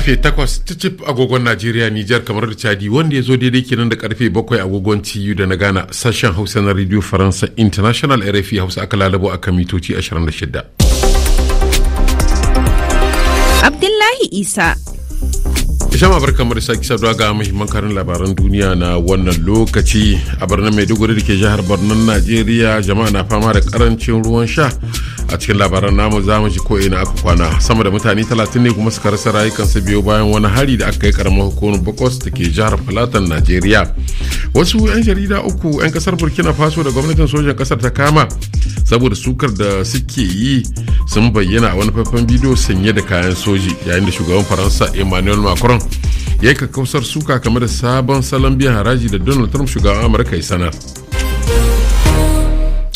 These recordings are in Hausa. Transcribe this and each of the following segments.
karfe 8 cip agogon Najeriya Nijar kamar da Chadi wanda ya zo daidai kenan da karfe 7 agogon TU da na Ghana sashen Hausa na Radio Faransa International RFI Hausa aka lalabo a kan mitoci shidda. Abdullahi Isa isham' barkan mu da sake saduwa ga muhimman karin labaran duniya na wannan lokaci a birnin Maiduguri da ke jihar Borno Najeriya jama'a na fama da karancin ruwan sha a cikin labaran namu za mu ji ko'ina aka kwana sama da mutane 30 ne kuma suka rasa rayukansu biyu bayan wani hari da aka yi karamar hukumar bakwas da ke jihar falatan najeriya wasu 'yan jarida uku 'yan kasar burkina faso da gwamnatin sojan kasar ta kama saboda sukar da suke yi sun bayyana a wani faifan bidiyo sanye da kayan soji yayin da shugaban faransa emmanuel macron ya yi kakkausar suka kamar da sabon salon biyan haraji da donald trump shugaban amurka ya sanar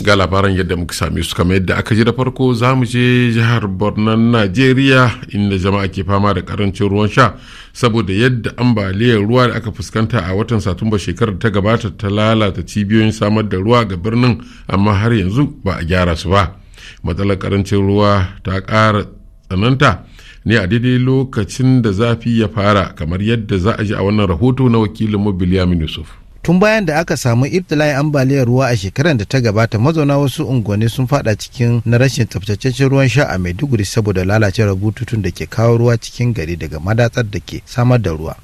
ga labaran yadda muka same su kamar yadda aka ji da farko za mu je jihar borno najeriya inda jama'a ke fama da karancin ruwan sha saboda yadda ambaliyar ruwa da aka fuskanta a watan satumba shekarar ta gabata ta lalata cibiyoyin samar da ruwa ga birnin amma har yanzu ba a gyara su ba matsalar karancin ruwa ta ƙara tsananta ne a daidai lokacin da zafi ya fara kamar yadda za a ji a wannan rahoto na wakilin mu biliyamin yusuf tun bayan da aka samu ibtila'in ambaliyar ruwa a shekarar da ta gabata mazauna wasu unguwanni sun fada cikin na rashin tsaftataccen ruwan sha a maiduguri saboda lalacewar bututun da ke kawo ruwa cikin gari daga madatsar da ke samar da ruwa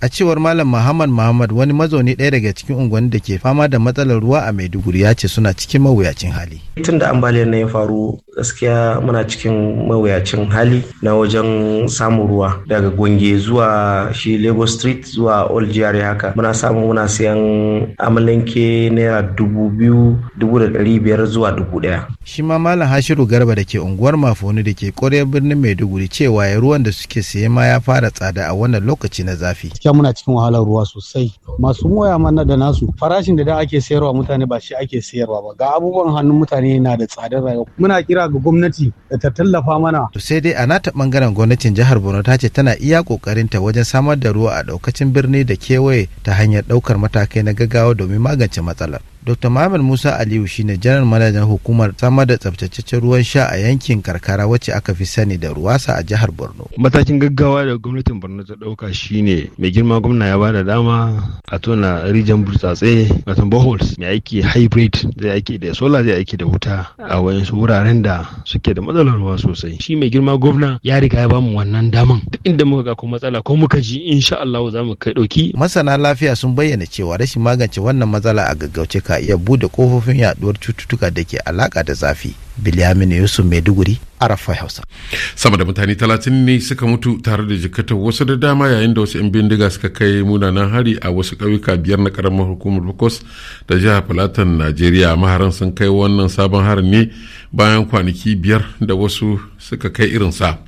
a cewar malam muhammad muhammad wani mazauni ɗaya daga cikin unguwanni da ke fama da matsalar ruwa a maiduguri ya ce suna cikin mawuyacin hali tun da ambaliyar na ya faru gaskiya muna cikin mawuyacin hali na wajen samun ruwa daga gwange zuwa shi lagos street zuwa old jihar haka muna samun muna siyan amalanke naira dubu biyu dubu da ɗari biyar zuwa dubu ɗaya. shi ma malam hashiru garba da ke unguwar mafoni da ke ƙwaryar birnin maiduguri cewa ya ruwan da suke siye ma ya fara tsada a wannan lokaci na zafi. gaskiya muna cikin wahalar ruwa sosai masu moya mana da nasu farashin da da ake sayarwa mutane ba shi ake sayarwa ba ga abubuwan hannun mutane na da tsadar rayuwa muna kira ga gwamnati ta tallafa mana. To sai dai a nata bangaren gwamnatin jihar Borno ta ce tana iya ƙoƙarinta wajen samar da ruwa a ɗaukacin birni da kewaye ta hanyar ɗaukar matakai na gaggawa domin magance matsalar. dr muhammad musa aliyu shine janar manajan hukumar samar da tsabtataccen ruwan sha a yankin karkara wacce aka fi sani da ruwasa a jihar borno matakin gaggawa da gwamnatin borno ta dauka shine mai girma gwamna ya bada dama a tona rijiyar burtsatse wato boholes mai aiki hybrid zai aiki da solar zai aiki da wuta a wayansu wuraren da suke da matsalar ruwa sosai shi mai girma gwamna ya riga ya bamu wannan daman duk inda muka ga ko matsala ko muka ji insha Allah za mu kai ɗauki. masana lafiya sun bayyana cewa rashin magance wannan matsala a gaggauce ka iya bude kofofin yaduwar cututtuka da ke alaka da zafi Biliyamin yusuf maiduguri arafa hausa sama da mutane talatin ne suka mutu tare da jikata wasu da dama yayin da wasu 'yan bindiga suka kai munanan hari a wasu ƙauyuka biyar na ƙaramar hukumar bukos da jihar filatan najeriya maharan sun kai wannan sabon harin ne bayan kwanaki biyar da wasu suka kai irinsa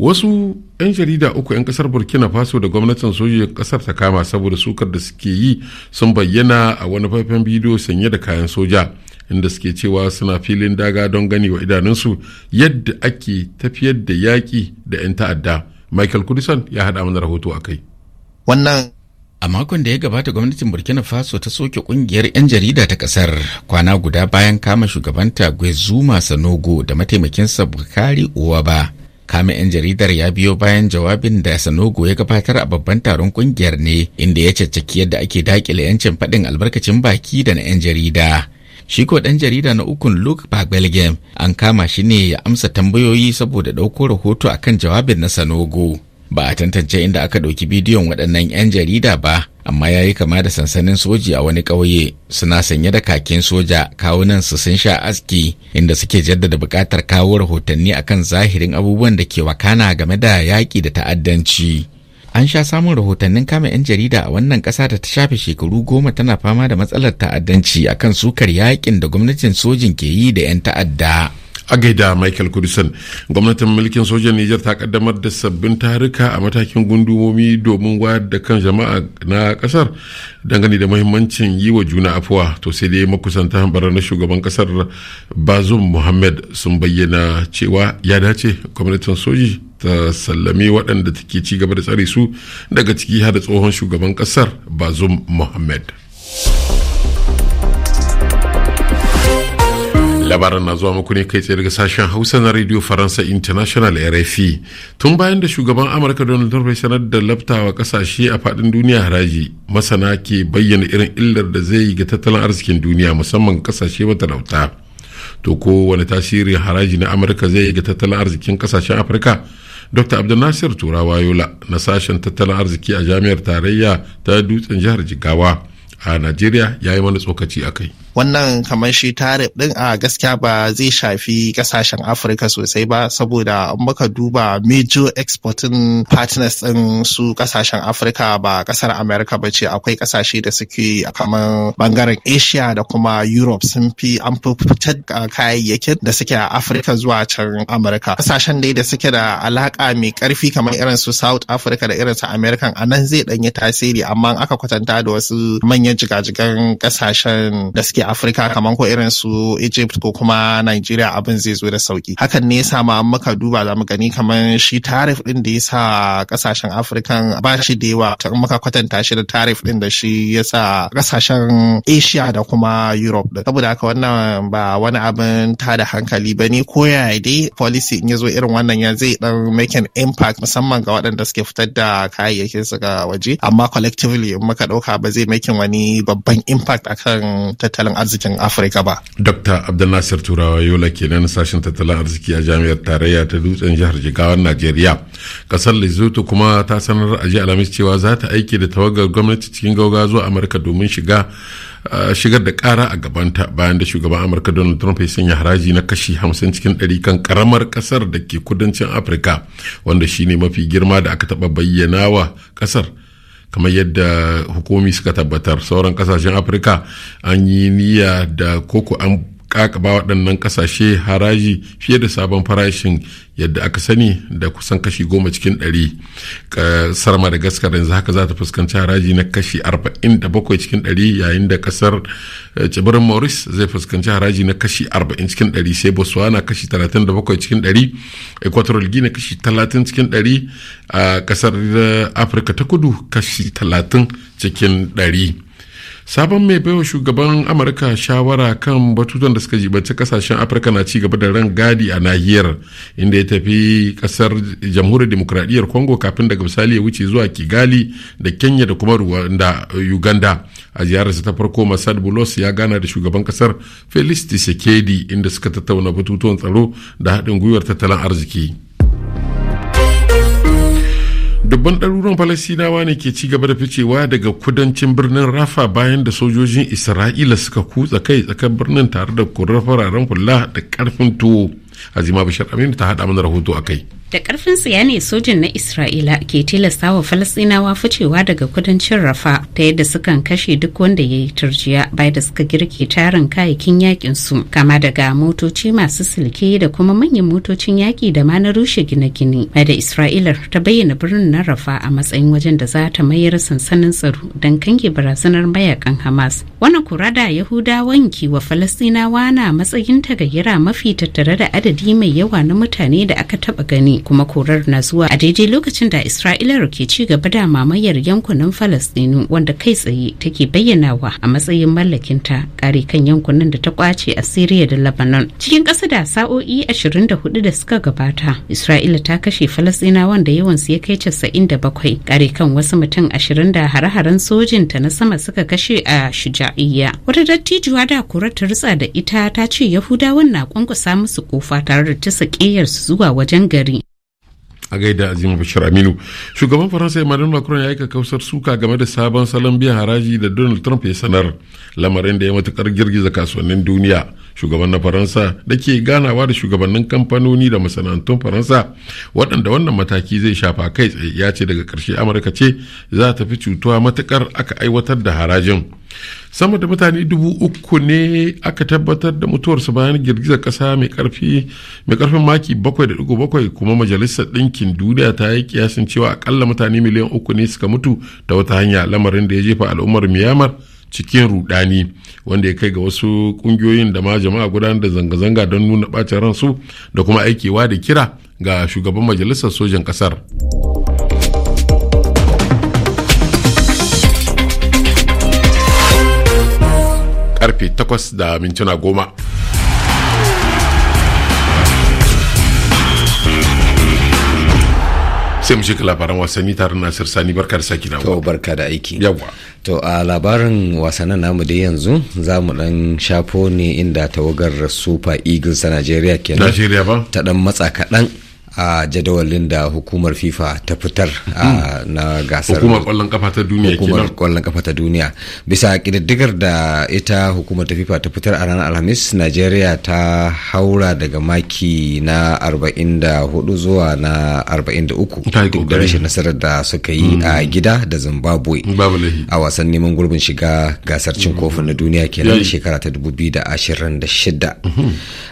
wasu 'yan jarida uku 'yan kasar burkina faso da gwamnatin sojojin kasar ta kama saboda sukar da suke yi sun bayyana a wani faifan bidiyo sanye da kayan soja inda suke cewa suna filin daga don gani wa idanunsu yadda ake tafiyar da yaƙi da 'yan ta'adda michael kudisan ya haɗa mana rahoto a kai wannan a makon da ya gabata gwamnatin burkina faso ta soke kungiyar 'yan jarida ta kasar kwana guda bayan kama shugabanta gwezuma sanogo da mataimakinsa bukari ba. kame 'yan jaridar ya biyo bayan jawabin da sanogo ya gabatar a babban taron kungiyar ne inda ya caccaki yadda ake dakile 'yancin faɗin albarkacin baki da na 'yan jarida shi ko ɗan jarida na ukun luke belgium an kama shi ne ya amsa tambayoyi saboda ɗauko rahoto akan jawabin na sanogo ba a tantance inda aka ɗauki bidiyon waɗannan 'yan jarida ba amma ya yi kama da sansanin soji a wani ƙauye suna sanye da kakin soja kawunan su sun sha aski inda suke jaddada buƙatar kawo rahotanni akan zahirin abubuwan da ke wakana game da yaƙi da ta'addanci an sha samun rahotannin kama 'yan jarida a wannan ƙasa da ta shafe shekaru goma tana fama da matsalar ta'addanci akan sukar yaƙin da gwamnatin sojin ke yi da 'yan ta'adda a gaida michael kudisan gwamnatin mulkin sojan nijar ta kaddamar da sabbin taruka a matakin gundumomi domin wayar da kan jama'a na kasar dangane da mahimmancin yi wa juna afuwa to sai dai makusanta hambarar na shugaban kasar bazum muhammad sun bayyana cewa ya dace gwamnatin soji ta sallami waɗanda take ci gaba da tsare su daga ciki har tsohon shugaban kasar bazum muhammad labaran na zuwa muku ne kai tsaye daga sashen hausa na radio faransa international rfi tun bayan da shugaban amurka donald trump ya sanar da laftawa kasashe a fadin duniya haraji masana ke bayyana irin illar da zai yi ga tattalin arzikin duniya musamman kasashe matalauta to ko wani tasiri haraji na amurka zai yi ga tattalin arzikin kasashen afirka dr abdulnasir turawa yola na sashen tattalin arziki a jami'ar tarayya ta dutsen jihar jigawa a najeriya ya yi wani tsokaci a kai wannan kamar shi tarif din a gaskiya ba zai shafi kasashen afirka sosai ba saboda muka duba major exporting partners ɗin su kasashen afirka ba kasar Amurka ba ce akwai kasashe da suke kamar bangaren asia da kuma europe sun fi an fitar kayayyakin da suke a afirka zuwa can amurka Ƙasashen dai da suke da alaka mai ƙarfi kamar irin su south africa da irin su american a nan zai ɗanyi tasiri amma aka kwatanta da wasu manyan jiga jigajigan kasashen da suke Afirka kamar ko irin su Egypt ko kuma Nigeria abin zai zo da sauki. Hakan ne yasa ma muka duba za mu gani kamar shi tarif din da yasa kasashen Afirka ba shi da yawa ta muka kwatanta shi da tarif din da shi yasa kasashen Asia da kuma Europe din. Saboda haka wannan ba wani abin ta da hankali ba ne ko ya dai policy in ya zo irin wannan ya zai dan make an impact musamman ga waɗanda suke fitar da kayayyakin su ga waje amma collectively in muka ɗauka ba zai making wani wani babban impact akan tattalin arzikin afirka ba dr abdulnasir turawa yola kenan sashen tattalin arziki a jami'ar tarayya ta dutsen jihar jigawar najeriya kasar lesotho kuma ta sanar a jiya alhamis cewa za ta aiki da tawagar gwamnati cikin gauga zuwa amurka domin shiga eh, shigar da kara a gabanta bayan da shugaban amurka donald trump ya sanya haraji na kashi hamsin cikin 100 kan karamar kasar da ke kudancin afirka wanda shine mafi girma da aka taba bayyana wa kasar kamar yadda hukumi suka tabbatar sauran kasashen afirka an yi niyya da koko an kakaba waɗannan ƙasashe haraji fiye da sabon farashin yadda aka sani da kusan kashi goma cikin ɗari ƙasar madagascar yanzu haka za ta fuskanci haraji na kashi 47 cikin ɗari yayin da ƙasar eh, tsibirin morris zai fuskanci haraji na kashi 40 cikin ɗari sai botswana kashi 37 cikin ɗari equatorial guinea kashi 30 cikin ɗari a ƙasar eh, afirka ta kudu kashi 30 cikin ɗari. sabon mai baiwa shugaban amurka shawara kan batutan da suka jibanci kasashen afirka na cigaba da ran gadi a nahiyar inda ya tafi kasar jamhuriyar demokradiyyar congo kafin daga misali ya wuce zuwa kigali da kenya da kuma rwanda uganda a ziyararsa ta farko masad bulos ya gana da shugaban kasar felix tshisekedi inda suka tattauna batutuwan tsaro da haɗin gwiwar tattalin arziki dubban ɗaruruwan falasinawa ne ke ci gaba da ficewa daga kudancin birnin rafa bayan da sojojin isra'ila suka kutsa kai tsakar birnin tare da kurar fararen kula da karfin tuwo azima bashar aminu ta haɗa mana rahoto a kai da karfin tsiya ne sojin na isra'ila ke tilasta wa falasɗinawa ficewa daga kudancin rafa ta yadda sukan kashe duk wanda ya yi turjiya bayan da suka girke tarin kayayyakin yakin su kama daga motoci masu silke da kuma manyan motocin yaki da ma na rushe gine-gine bayan da isra'ilar ta bayyana birnin na rafa a matsayin wajen da za ta mayar sansanin tsaro don kange barazanar mayakan hamas wannan kura da yahudawan ke wa falasɗinawa na matsayin tagayyara mafi tattare da adadi mai yawa na mutane da aka taɓa gani kuma korar na zuwa a daidai lokacin da isra'ila ke ci gaba da mamayar yankunan falastinu wanda kai tsaye take bayyanawa a matsayin mallakinta kare kan yankunan da ta kwace a siriya da lebanon cikin ƙasa da sa'o'i 24 da suka gabata isra'ila ta kashe wanda da yawansu ya kai bakwai. kare kan wasu mutum 20 da hare-haren sojinta na sama suka kashe a shuja'iyya wata dattijuwa da kurar ta rutsa da ita ta ce yahudawan na kwankwasa musu kofa tare da ta sakeyar su zuwa wajen gari a gaida azima bashir aminu shugaban faransa emmanuel macron ya aika kausar suka game da sabon salon biyan haraji da donald trump ya sanar lamarin da ya matukar girgiza kasuwannin duniya shugaban na faransa da ke ganawa da shugabannin kamfanoni da masana'antun faransa waɗanda wannan mataki zai shafa kai tsaye ya ce daga ƙarshe amurka ce za ta fi cutuwa matukar aka aiwatar da harajin sama da mutane dubu uku ne aka tabbatar da su bayan girgizar ƙasa mai ƙarfin maki bakwai da bakwai kuma majalisar ɗinkin duniya ta yi kiyasin cewa akalla mutane miliyan uku ne suka mutu ta wata hanya lamarin da ya jefa al'ummar miyamar cikin rudani wanda ya kai ga wasu kungiyoyin da ma jama'a gudanar da zanga-zanga don nuna bacin ransu da kuma aikewa da kira ga shugaban majalisar sojan kasar. karfe 8 da mintuna goma. sai mu shiga labaran wasanni tare na Nasir Sani barka da saki nawa. To barka da aiki. yawa To a labarin wasannin namu da yanzu za mu dan shafo ne inda tawagar Super Eagles ta Najeriya kenan. nigeria ba. Ta dan matsa kaɗan a jadawalin da hukumar fifa ta fitar hmm. na gasar hukumar kwallon kafa ta duniya hukumar kwallon kafa ta duniya bisa kididdigar da ita hukumar ta fifa ta fitar a ranar alhamis nigeria ta haura daga maki na 44 zuwa na 43 duk da rashin nasarar da suka yi hmm. a gida da zimbabwe a wasan neman gurbin shiga gasar cin hmm. kofin na duniya kenan shekara ta 2026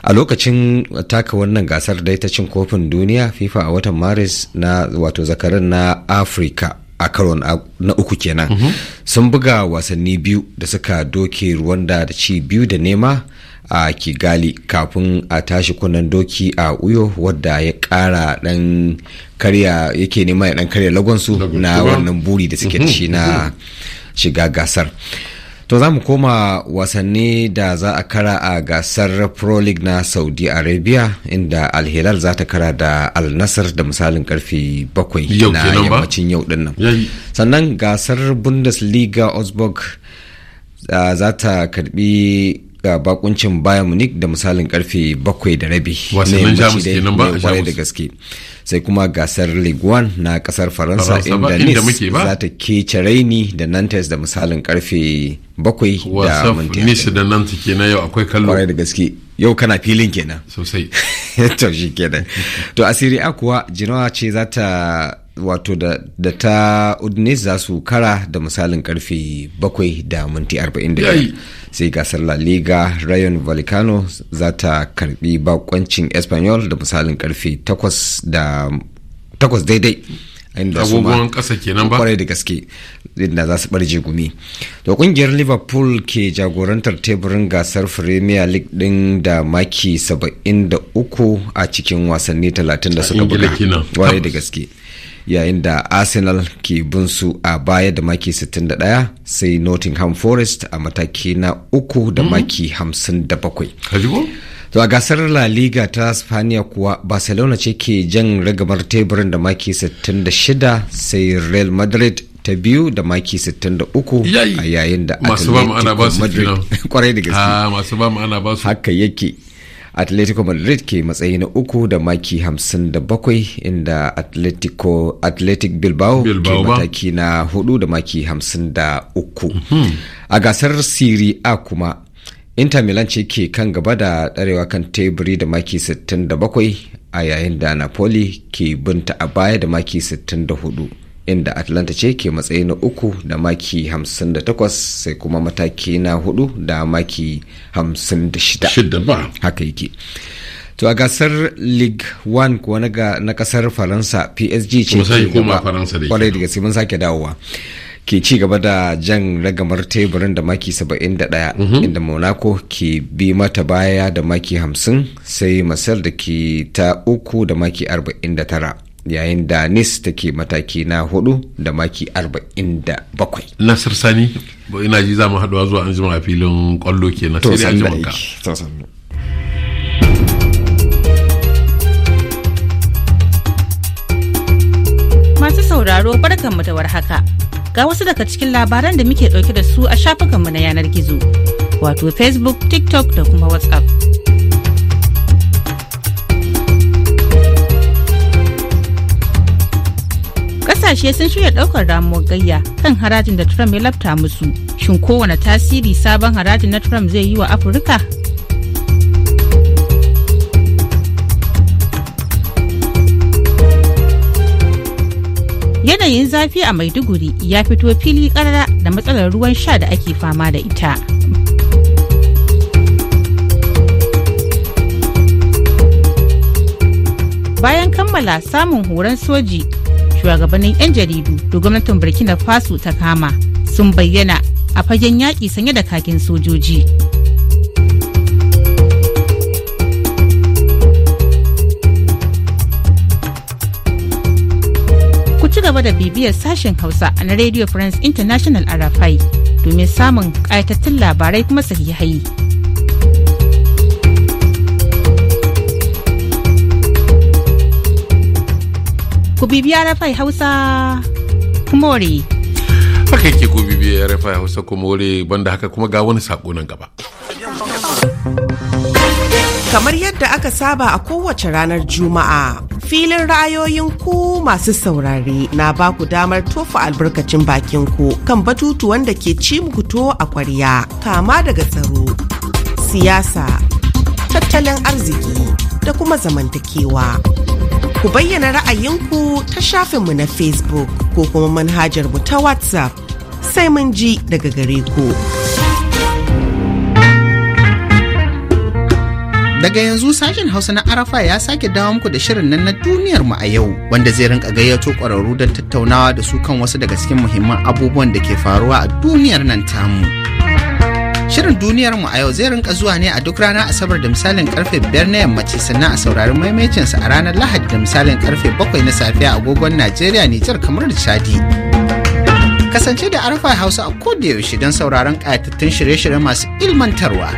a lokacin taka wannan gasar da ita cin kofin duniya duniya fifa a watan maris na wato zakaran na afirka a karo na uku kenan mhm. sun buga wasanni biyu da suka doke ruwanda da ci biyu da nema a kigali kafin a tashi kunnen doki a uyo wadda ya kara dan karya yake nema ya dan karya lagonsu na wannan buri da suke da mhm. na mhm. shiga gasar To za mu koma wasanni da za a kara a gasar Pro League na Saudi Arabia inda Al-Hilal za ta kara da Al-Nasr da misalin karfe bakwai na yammacin yau din nan. Sannan gasar Bundesliga Augsburg za ta karbi ga bakuncin Bayern Munich da misalin karfe bakwai da rabi. Wasannin Jamus kenan ba? da gaske. sai kuma gasar Ligue 1 na kasar Faransa inda Nice za ta kece raini da Nantes da misalin karfe bakwai da minti Nice da Nantes kenan yau akwai kallo. Kwarai da gaske yau kana filin kenan. Sosai. to shi kenan. To a A kuwa Genoa ce za ta wato da ta udinese za su kara da misalin karfe 7 da minti 41 sai gasar la liga rayon volcano za ta karbi bakoncin espanyol da misalin karfe 8 daidai 8 daidai. ma kasa kenan ba kwarai da gaske inda za su barje gumi to kungiyar liverpool ke jagorantar teburin gasar premier league din da maki 73 a cikin wasanni 30 da suka buga kwarai da gaske yayin da arsenal ke bin su a baya da maki 61 sai nottingham forest a mataki na uku da mhm. maki 57 to a gasar la liga ta spaniya kuwa barcelona ce ke jan ragamar teburin da maki 66 sai real madrid ta biyu da maki 63 a yayin da atletico madrid kwarai da gaske ah, haka yake atletico madrid ke matsayi na uku da maki 57 inda atletico athletic bilbao, bilbao ke mataki na hudu da maki 53 mm -hmm. a gasar siri a kuma inter milan ce ke kan gaba da ɗarewa kan teburi da maki 67 a yayin da napoli ke binta a baya da maki 64 inda atlanta ce ke matsayi na uku da maki 58 sai kuma mataki na hudu da maki 56 haka yake to a gasar league one kuwa na kasar faransa psg ce kwarai da gaske mun sake dawowa ke ci gaba da jan ragamar teburin da maki 71 mhm. inda monaco ke bi mata baya da maki 50 sai masar da ke ta uku da maki 49 yayin da nis take mataki na hudu da maki arba'in da bakwai nasir sani ina ji za mu haɗuwa zuwa an jima a filin kwallo ke na sai da an ka masu sauraro mu da warhaka ga wasu daga cikin labaran da muke ɗauke da su a shafukanmu na yanar gizo wato facebook tiktok da kuma whatsapp kasashe sun shirya daukar ramuwar gayya kan harajin da Trump ya lafta musu. Shin kowane tasiri sabon harajin na Trump zai yi wa Afirka? Yanayin zafi a Maiduguri ya fito fili karara da matsalar ruwan sha da ake fama da ita. Bayan kammala samun horon soji shugabannin 'yan jaridu da gwamnatin burkina faso ta kama sun bayyana a fagen yaƙi sanye da kakin sojoji ku ci gaba da bibiyar sashen hausa na radio france international arafai domin samun ƙayatattun labarai kuma sahihai ku bibiya rafai hausa kumori haka yake ku bibiya rafai hausa kumori banda haka kuma ga wani sako nan gaba kamar yadda aka saba a kowace ranar juma'a filin ra'ayoyin ku masu saurare na ba ku damar tofa albarkacin bakin ku kan batutuwan da ke ci muku to a kwarya kama daga tsaro siyasa tattalin arziki da kuma zamantakewa Ku bayyana ra'ayinku ta shafinmu na Facebook ko kuma manhajar mu ta WhatsApp sai mun ji daga gare ku. Daga yanzu sashen Hausa na Arafa ya sake dawo muku da shirin nan na duniyar mu a yau wanda zai rinka gayyato ƙwararru don tattaunawa da su kan wasu daga cikin muhimman abubuwan da ke faruwa a duniyar nan tamu. Shirin duniyar mu a yau zai rinka zuwa ne a duk ranar Asabar da misalin karfe biyar na yammaci sannan a saurari maimacin sa a ranar Lahadi da misalin karfe bakwai na safiya agogon Najeriya Nijar kamar da Chadi. Kasance da Arfa Hausa a koda yaushe don sauraron kayatattun shirye-shirye masu ilmantarwa.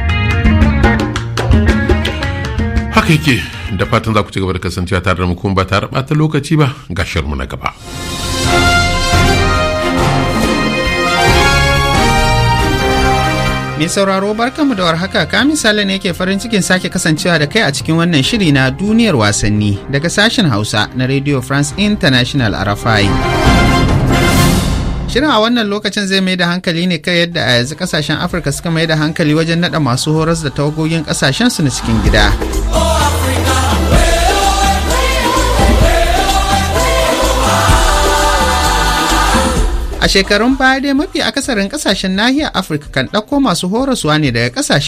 Haka yake da fatan za ku ci gaba da kasancewa tare da mu kuma ba tare ɓata lokaci ba ga shirmu na gaba. Mai sauraro barkanmu da warhaka ka misali ne yake farin cikin sake kasancewa da kai a cikin wannan shiri na duniyar wasanni daga sashen Hausa na Radio France International RFI. Shirin a wannan lokacin zai mai da hankali ne kai yadda a yanzu kasashen Afirka suka mai da hankali wajen nada masu horas da tawagogin kasashen su na cikin gida. A shekarun baya dai mafi akasarin kasashen nahiyar Afirka kan ɗauko masu horaswa ne daga kasashen